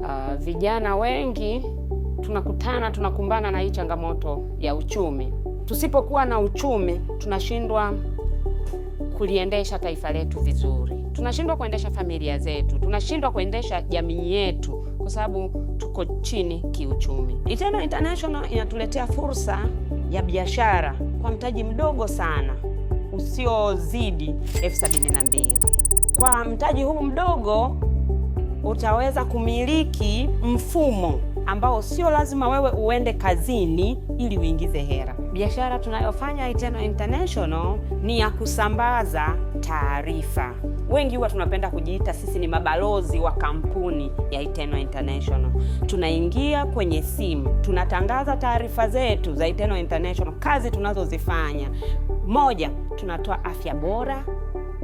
uh, vijana wengi tunakutana tunakumbana na hii changamoto ya uchumi. Tusipokuwa na uchumi, tunashindwa kuliendesha taifa letu vizuri, tunashindwa kuendesha familia zetu, tunashindwa kuendesha jamii yetu kwa sababu tuko chini kiuchumi. Iteno International inatuletea fursa ya biashara kwa mtaji mdogo sana usiozidi elfu sabini na mbili. Kwa mtaji huu mdogo utaweza kumiliki mfumo ambao sio lazima wewe uende kazini ili uingize hera. Biashara tunayofanya Iteno International ni ya kusambaza taarifa. Wengi huwa tunapenda kujiita sisi ni mabalozi wa kampuni ya Iteno International. Tunaingia kwenye simu, tunatangaza taarifa zetu za Iteno International, kazi tunazozifanya. Moja, tunatoa afya bora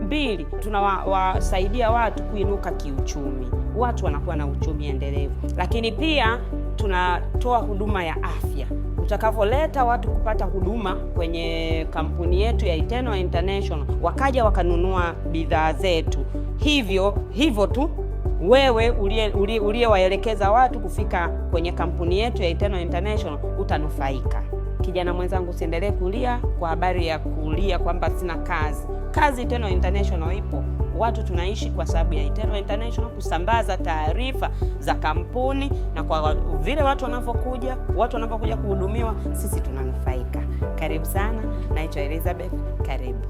Mbili, tunawasaidia wa, watu kuinuka kiuchumi, watu wanakuwa na uchumi endelevu. Lakini pia tunatoa huduma ya afya utakavoleta watu kupata huduma kwenye kampuni yetu ya Iteno International, wakaja wakanunua bidhaa zetu. Hivyo hivyo tu wewe uliyewaelekeza watu kufika kwenye kampuni yetu ya Iteno International utanufaika kijana mwenzangu, usiendelee kulia kwa habari ya kulia kwamba sina kazi. Kazi Eternal International ipo, watu tunaishi kwa sababu ya Eternal International kusambaza taarifa za kampuni, na kwa vile watu wanavyokuja, watu wanapokuja kuhudumiwa, sisi tunanufaika. Karibu sana, naitwa Elizabeth. Karibu.